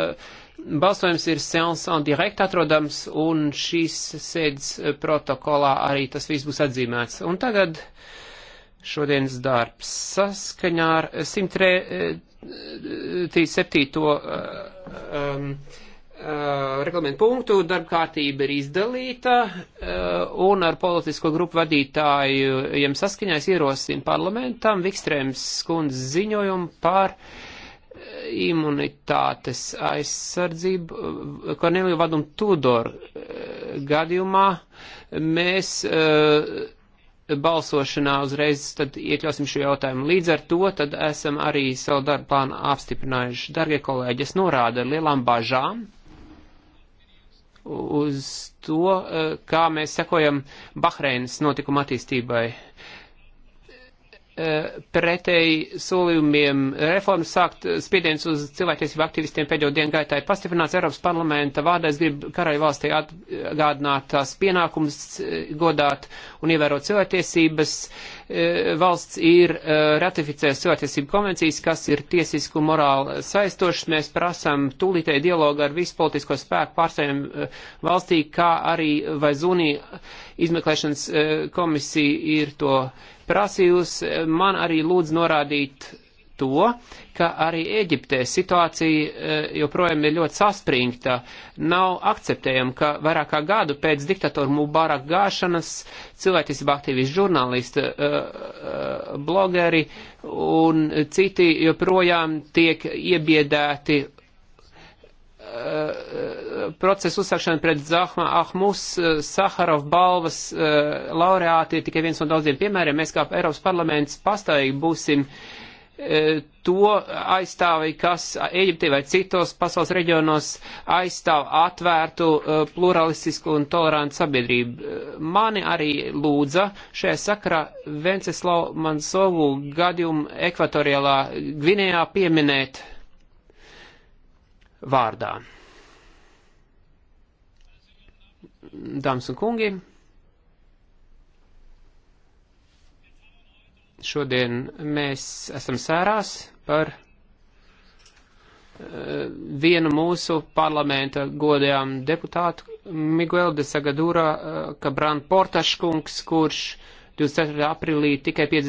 Eh, balsojums ir seans un direkt atrodams, un šīs sēdes eh, protokolā arī tas viss būs atzīmēts. Un tagad šodienas darbs saskaņā ar 137. Um, eh, reglamentu punktu, darba kārtība ir izdalīta, un ar politisko grupu vadītājiem saskaņā es ierosinu parlamentam Vikstrēms skundzes ziņojumu par uh, imunitātes aizsardzību. Kornelija Vadum Tudor eh, gadījumā mēs eh, balsošanā uzreiz tad iekļausim šo jautājumu. Līdz ar to tad esam arī savu darbu plānu apstiprinājuši. Dargie kolēģi, es norādu ar lielām bažām uz to, eh, kā mēs sekojam Bahreinas notikuma attīstībai. Uh, E, pretēji solījumiem reformas sākt spiediens uz cilvēktiesību aktivistiem pēdējo dienu gaitā ir pastiprināts Eiropas parlamenta vārdā. Es gribu karaļu valstī atgādināt tās pienākums e, godāt un ievērot cilvēktiesības. Uh, Eh, valsts ir eh, ratificējusi cilvēktiesību konvencijas, kas ir tiesisku morāli saistošas. Mēs prasam tūlītēji dialogu ar visu politisko spēku pārstāvjiem eh, valstī, kā arī vai zūnī izmeklēšanas komisija ir to prasījusi. Man arī lūdz norādīt to, ka arī Eģiptē situācija eh, joprojām ir ļoti saspringta. Nav akceptējama, ka vairāk kā gadu pēc diktatora Mubarak gāšanas cilvēktiesība aktīvisti, žurnālisti, eh, eh, blogeri un citi joprojām tiek iebiedēti procesu uzsākšana pret Zahma Ahmus, Saharov balvas laureāti ir tikai viens no daudziem piemēriem. Mēs kā Eiropas parlaments pastāvīgi būsim uh, E, to aizstāvi, kas Eģiptē vai citos pasaules reģionos aizstāv atvērtu, e, pluralistisku un tolerantu sabiedrību. E, mani arī lūdza šajā sakarā Venceslau Mansovu gadījumu ekvatoriālā Gvinējā pieminēt vārdā. Dāmas un kungi! Šodien mēs esam sērās par eh, vienu mūsu parlamenta godējām deputātu Miguel de Sagadura Kabran eh, Portaškungs, kurš 24. aprīlī tikai 50.